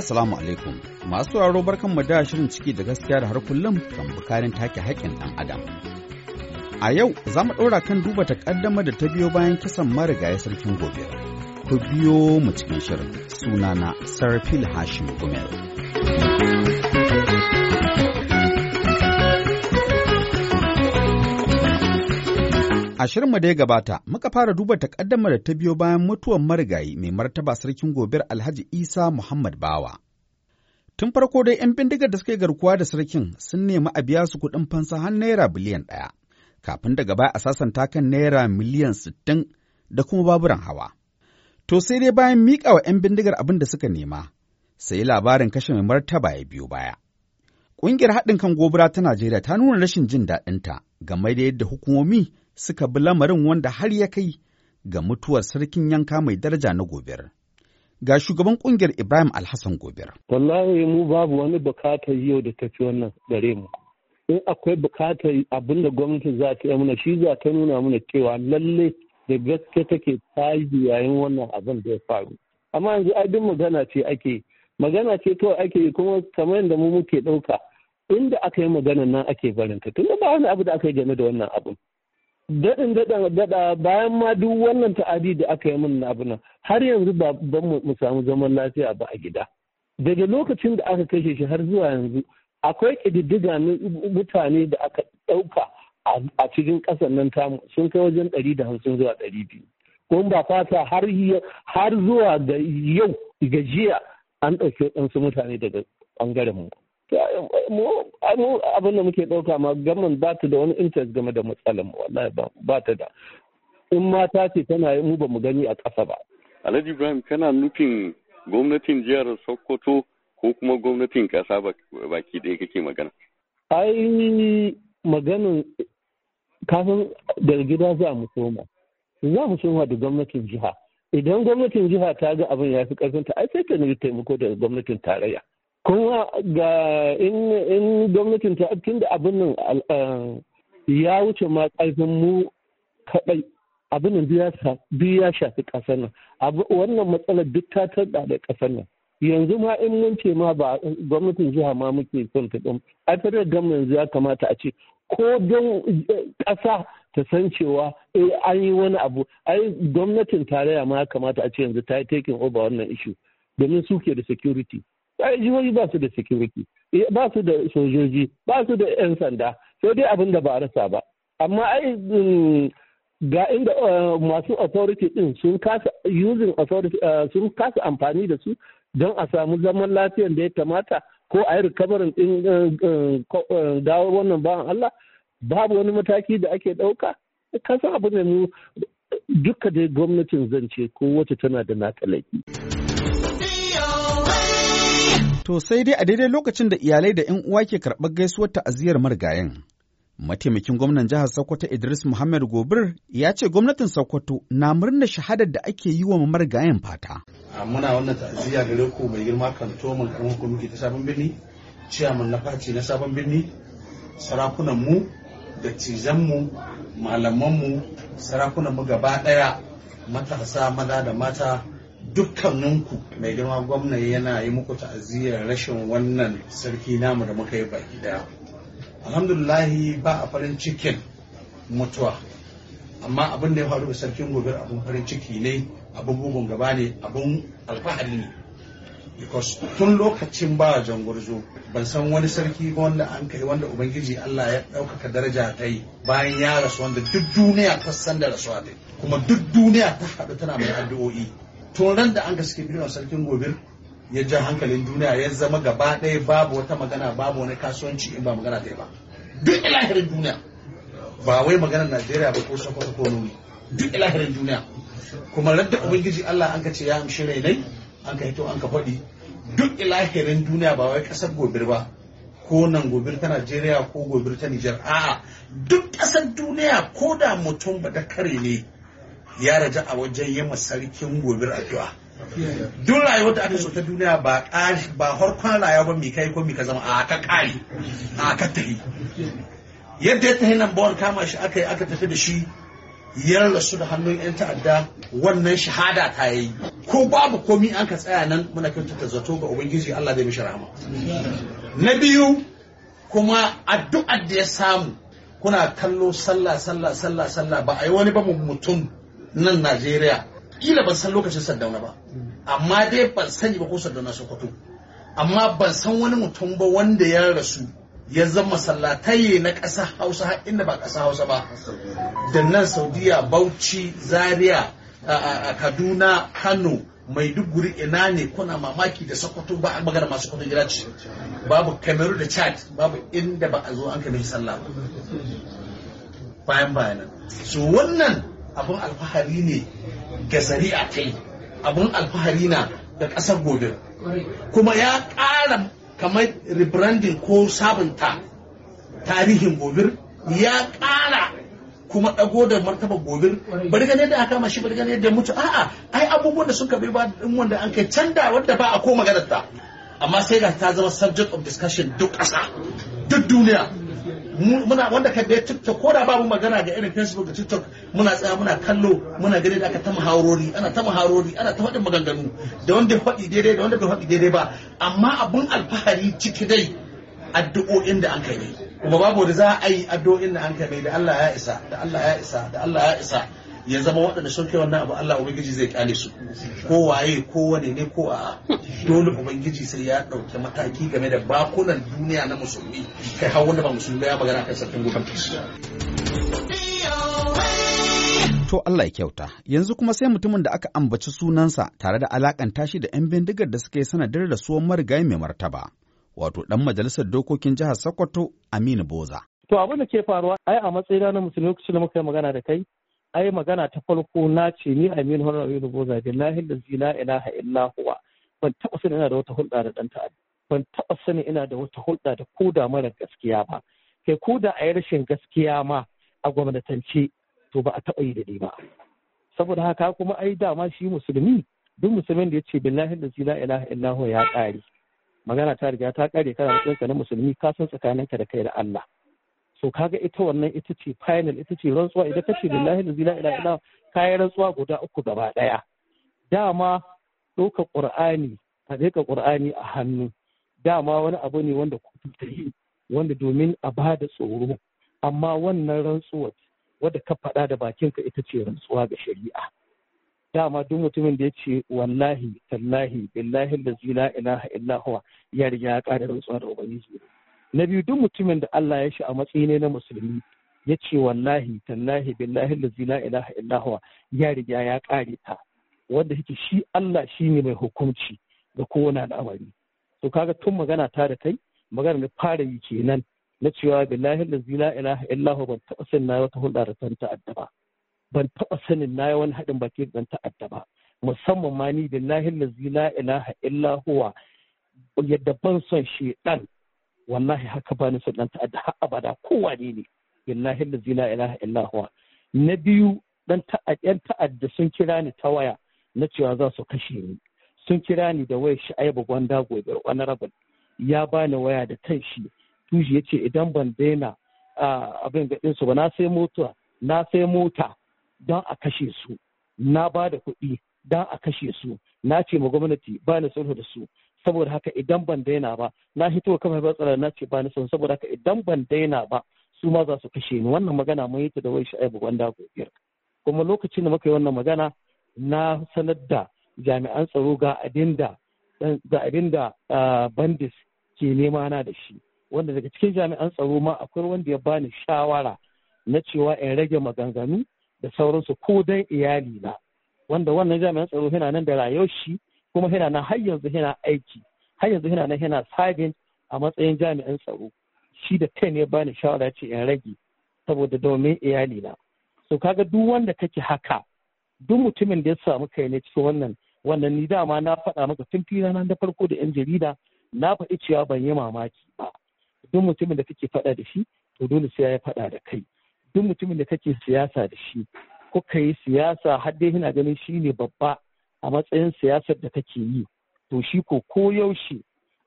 Jama'a alaikum. Masu sauraro barkan mu da shirin ciki da gaskiya da har kullum kan bukarin take haƙƙin ɗan adam. A yau za mu ɗora kan duba takaddama da ta biyo bayan kisan marigayi sarkin gobe. Ku biyo mu cikin shirin sunana Sarfil Hashim Gumel. A mu da ya gabata, muka fara duba takaddama da ta biyo bayan mutuwar marigayi mai martaba sarkin gobir Alhaji Isa Muhammad Bawa. Tun farko dai 'yan bindigar da suka yi garkuwa da sarkin sun nemi a biya su kuɗin fansa har naira biliyan ɗaya, kafin daga baya a sasanta kan naira miliyan sittin da kuma baburan hawa. To sai dai bayan miƙa wa 'yan bindigar abin da suka nema, sai labarin kashe mai martaba ya biyo baya. Ƙungiyar haɗin kan gobura ta Najeriya ta nuna rashin jin daɗinta game da yadda hukumomi suka bi lamarin wanda har ya kai ga mutuwar sarkin yanka mai daraja na gobir. Ga shugaban kungiyar Ibrahim Alhassan gobir. Wallahi mu babu wani bukatar yau da tafi wannan gare mu. In akwai bukatar abin da gwamnati za ta yi mana shi za ta nuna mana cewa lalle da gaske take tayi yayin wannan abin da ya faru. Amma yanzu ai duk magana ce ake magana ce kawai ake yi kuma kamar yadda mu muke ɗauka. inda aka yi magana nan ake barin barinta tunda ba wani abu da aka yi game da wannan abun daɗin dadin daɗa bayan ma duk wannan ta'adi da aka yi min abu nan har yanzu ba ban mu samu zaman lafiya ba a gida daga lokacin da aka kashe shi har zuwa yanzu akwai ƙididdiga na mutane da aka ɗauka a cikin ƙasar nan tamu sun kai wajen ɗari da hamsin zuwa ɗari biyu kuma ba fata har zuwa ga yau ga jiya an ɗauki waɗansu mutane daga ɓangaren mu mu abin da muke ɗauka ma gaman ba ta da wani interest game da matsalar mu wallahi ba ta da in mata ce tana yi mu ba mu gani a ƙasa ba Alhaji Ibrahim kana nufin gwamnatin jihar Sokoto ko kuma gwamnatin ƙasa baki ɗaya kake magana ai maganin kafin daga gida za mu soma za mu soma da gwamnatin jiha idan gwamnatin jiha ta ga abin ya fi ƙarfinta ai sai ta nemi taimako daga gwamnatin tarayya kuma ga in gwamnatin ta abin da abin nan eh, ya wuce ma ƙarfin mu kaɗai abin nan ya shafi ƙasar nan wannan matsalar duk ta tarɗa da ƙasar nan yanzu ma in mun ce ma ba gwamnatin jiha ma muke son ta ɗin ai federal yanzu ya kamata a ce ko don eh, ƙasa ta san cewa eh, an yi wani abu ai gwamnatin tarayya ma ya kamata a ce yanzu ta yi taking over wannan issue domin suke da security jihohi ba su da security eh, ba su da sojoji ba su da 'yan sanda sai dai abin da ba a rasa ba amma ai mm, ga inda eh, masu authority din sun kasa using authority eh, sun kasa amfani da su don a samu zaman lafiyar da ya kamata ko a yi recovering din dawo wannan bawan Allah babu wani mataki da ake ɗauka kasan abu ne mu duka da gwamnatin zance ko wacce tana da nata To sai dai a daidai lokacin da iyalai da 'yan uwa ke karɓar gaisuwar ta'aziyar marigayen. Mataimakin gwamnan jihar Sokoto Idris Muhammad Gobir ya ce gwamnatin Sokoto na murnar shahadar da ake yi wa marigayen fata. Muna wannan ta'aziyya gare ku mai girma kan tomin kan muke ta sabon birni, ciyaman na faci na sabon birni, sarakunan mu, dattijan mu, malaman mu, sarakunan mu gaba ɗaya matasa maza da mata dukkaninku mai girma gwamna yana yi muku ta'aziyar rashin wannan sarki namu da muka yi baki daya alhamdulillahi ba a farin cikin mutuwa amma abin da ya faru da sarkin gobe abin farin ciki ne abin bugun gaba ne abin alfahari ne because tun lokacin ba jangurzo ban san wani sarki ba wanda an kai wanda ubangiji Allah ya ɗaukaka daraja ta yi bayan ya rasu wanda duk duniya ta san da rasuwa ta kuma duk duniya ta haɗu tana mai addu'o'i ran da an gaske birnin sarkin gobir ya ja hankalin duniya ya zama gaba ɗaya babu wata magana babu wani kasuwanci in ba magana ɗaya ba duk ilahirin duniya ba wai maganar najeriya ba ko sokoto ko nuni duk ilahirin duniya kuma radda ubangiji allah an ka ce ya amshi rainai an ka hito an ka faɗi duk ilahirin duniya ba wai ƙasar gobir ba ko nan gobir ta najeriya ko gobir ta nijar a'a duk ƙasar duniya ko da mutum ba da kare ne ya raja a wajen yi sarkin gobir addu'a duk rayuwar da aka so ta duniya ba ƙari ba harkon rayuwa ba mika kai ko mika zama a ka ƙari a ka tafi yadda ya tahi nan bawon kama shi aka yi aka tafi da shi ya rasu da hannun yan ta'adda wannan shahada ta yi ko babu komi an ka tsaya nan muna kyautata zato ga ubangiji Allah zai mishi rahama na biyu kuma addu'ar da ya samu kuna kallo sallah sallah sallah sallah ba a yi wani ba mutum nan najeriya kila ban san lokacin sardauna ba mm. amma dai ban sani ba ko sardauna sokoto amma ban san wani mutum ba wanda ya rasu ya zama sallataye na ƙasa hausa har inda ba ƙasa hausa ba da nan saudiya bauchi zaria kaduna kano maiduguri ina ne kuna mamaki da sokoto ba a magana masu Sokoto jira ce babu kameru da chad babu inda ba a zo an kamar sallah ba bayan bayanan so wannan abin alfahari ne ga zari'a ta yi abin alfahari na da ƙasar gobe kuma ya ƙara kamar rebranding ko sabunta tarihin gobir ya ƙara kuma ɗago da martaba gobir bari gane da aka mashi bari gane da mutu a'a ai abubuwan da suka bai ba din wanda an kai canda wanda ba a ko maganar ta amma sai ga ta zama subject of discussion duk ƙasa duk duniya muna wanda ka da TikTok ko da babu magana ga irin Facebook da TikTok muna tsaya muna kallo muna gani da aka ta muhawarori ana ta muhawarori ana ta faɗin maganganu da wanda ya faɗi daidai da wanda bai faɗi daidai ba amma abun alfahari ciki dai addu'o'in da an kai kuma babu da za a yi addu'o'in da an kai da Allah ya isa da Allah ya isa da Allah ya isa ya zama waɗanda sun kai wannan abu Allah ubangiji zai kyale su ko waye ko wane ne ko a dole ubangiji sai ya ɗauki mataki game da bakunan duniya na musulmi kai har wanda ba musulmi ya magana kai sarkin gudun To Allah ya kyauta, yanzu kuma sai mutumin da aka ambaci sunansa tare da alakanta shi da 'yan bindigar da suka yi sanadar da suwan marigayi mai martaba, wato ɗan majalisar dokokin jihar Sokoto Aminu Boza. To abin da ke faruwa ai a matsayina na musulmi lokacin da muka yi magana da kai ai magana ta farko na ce ni Aminu Honorable Aminu Boza billahi zina la ilaha illa huwa ban taɓa sani ina da wata hulɗa da ɗan ta'adda ban taɓa sani ina da wata hulɗa da koda mara gaskiya ba kai koda a yi rashin gaskiya ma a gwamnatance to ba a taɓa yi da daɗi ba saboda haka kuma ai dama shi musulmi duk musulmin da ya ce billahi da la ilaha huwa ya ƙare magana ta riga ta ƙare kana matsayinka na musulmi ka san tsakaninka da kai da Allah so kaga ita wannan ita ce final ita ce rantsuwa idan ka ce billahi la ilaha ka kayi rantsuwa guda uku gaba daya dama ɗauka qur'ani a ɗauka ƙur'ani a hannu dama wani abu ne wanda ku ta yi wanda domin a ba da tsoro amma wannan rantsuwa wadda ka faɗa da bakinka ita ce rantsuwa ga shari'a dama duk mutumin da ya ce wallahi tallahi billahi la ilaha illa huwa ya riga ya ƙara rantsuwa da ubangiji na biyu duk mutumin da Allah ya shi a matsayi ne na musulmi ya ce wallahi tallahi billahi lazi la ilaha illahuwa ya riga ya kare ta wanda yake shi Allah shi ne mai hukunci ga kowane al'amari to kaga tun magana ta da kai magana da fara yi kenan na cewa billahi lazi la ilaha illahu ban taɓa sanin na wata hulɗa da ta'adda ba ban taɓa sanin na wani haɗin baki da ta'adda ba musamman ma ni billahi lazi la ilaha yadda ban son ɗan. wallahi haka ba ni son ta'adda har abada kowa ne ne billahi la ilaha illa huwa na biyu dan ta'adda ta'adda sun kira ni ta waya na cewa za su kashe ni sun kira ni da shi sha'ibu gwanda gobe honorable ya bani waya da kan shi tushi ya ce idan ban daina abin gaɗin su ba na sai mota na sai mota don a kashe su na ba da kuɗi don a kashe su na ce ma gwamnati ba ni sulhu da su saboda haka idan ban daina ba na hito kamar tsara na ce ba ni son saboda haka idan ban daina ba su ma za su kashe ni wannan magana mun yi ta da wai sha'ibu wanda gobiyar kuma lokacin da muka yi wannan magana na sanar da jami'an tsaro ga abin da ga abin bandis ke nema na da shi wanda daga cikin jami'an tsaro ma akwai wanda ya bani shawara na cewa in rage maganganu da sauransu ko dan iyali na wanda wannan jami'an tsaro yana nan da rayuwar shi kuma yana nan har yanzu yana aiki har yanzu yana nan yana sabin a matsayin jami'an tsaro shi da kai ne bani shawara ce in rage saboda domin iyali na so kaga duk wanda kake haka duk mutumin da ya samu kai ne cikin wannan wannan ni dama na faɗa maka tun fira nan da farko da yan jarida na faɗi cewa ban yi mamaki ba duk mutumin da kake faɗa da shi to dole sai ya faɗa da kai duk mutumin da kake siyasa da shi kuka yi siyasa har dai yana ganin shi ne babba a matsayin siyasar da take yi to shi ko koyaushe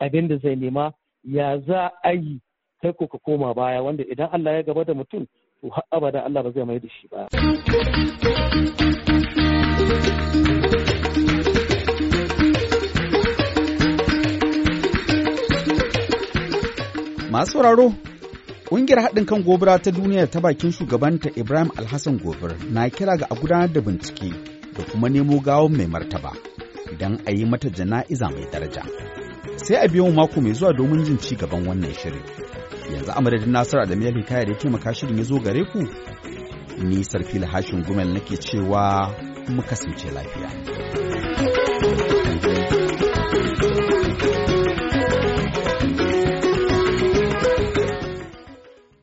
abin da zai nema ya za a yi kai ko ka koma baya wanda idan Allah ya gaba da mutum to har abada Allah ba zai mai da shi ba. Masu sauraro Ƙungiyar haɗin kan gobara ta duniya ta bakin shugabanta Ibrahim Alhassan Gobir na kira ga a gudanar da bincike da kuma nemo gawon mai martaba don a yi mata jana'iza mai daraja. Sai a biyo mako mai zuwa domin jin ci gaban wannan shirin. Yanzu a madadin Nasiru Adamu ya Kaya da ya shirin ya zo gare ku? Ni Sarfila Hashin Gumel nake cewa mu kasance lafiya.